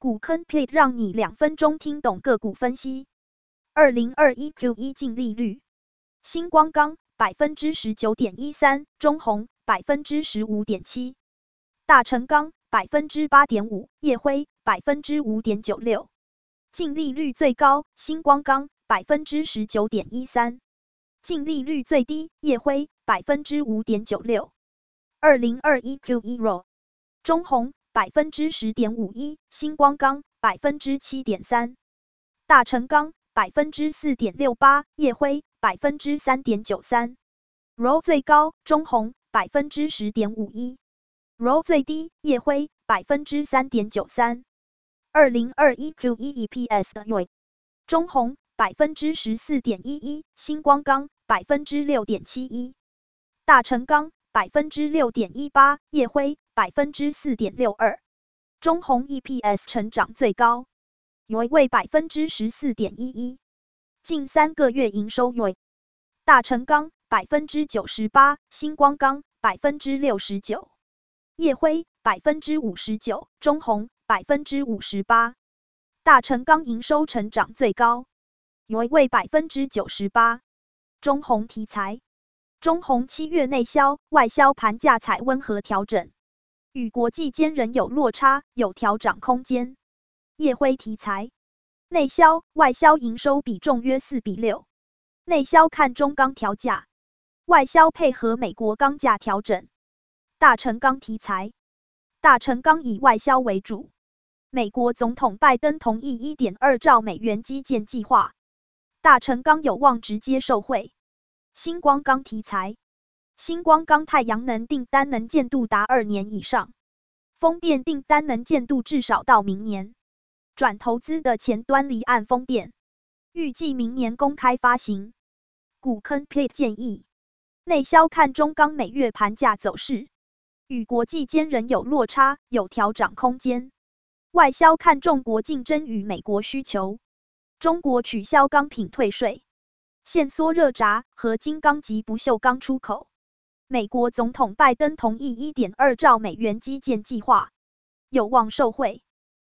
股坑 plate 讓你兩分鐘聽懂個股分析。二零二一 Q 一淨利率，新光鋼百分之十九點一三，中鴻百分之十五點七，大成鋼百分之八點五，燁輝百分之五點九六。淨利率最高，新光鋼百分之十九點一三；淨利率最低，燁輝百分之五點九六。二零二一 Q 一 ROE，中鴻。百分之十點五一，新光鋼百分之七點三，大成鋼百分之四點六八，燁輝百分之三點九三。ROE 最高中鴻百分之十點五一，ROE 最低燁輝百分之三點九三。二零二一 Q 一 EPS 的 ROE 中鴻百分之十四點一一，新光鋼百分之六點七一，大成鋼。百分之六點一八，燁輝百分之四點六二，中鴻 EPS 成長最高，為百分之十四點一一。近三個月營收，為大成鋼百分之九十八，新光鋼百分之六十九，燁輝百分之五十九，中鴻百分之五十八。大成鋼營收成長最高，為百分之九十八。中鴻題材。中鴻七月內銷、外銷盤價採溫和調整，與國際間仍有落差，有調漲空間。燁輝題材，內銷、外銷營收比重約四比六，內銷看中鋼調價，外銷配合美國鋼價調整。大成鋼題材，大成鋼以外銷為主，美國總統拜登同意一點二兆美元基建計劃，大成鋼有望直接受惠。星光鋼題材，星光鋼太陽能訂單能見度達二年以上，風電訂單能見度至少到明年。轉投資的前端離岸風電，預計明年公開發行。股坑 p e t e 建議，內銷看中鋼每月盤價走勢，與國際間仍有落差，有調漲空間。外銷看中國競爭與美國需求，中國取消鋼品退稅。限縮熱軋、合金鋼及不鏽鋼出口。美國總統拜登同意1.2兆美元基建計劃，有望受惠。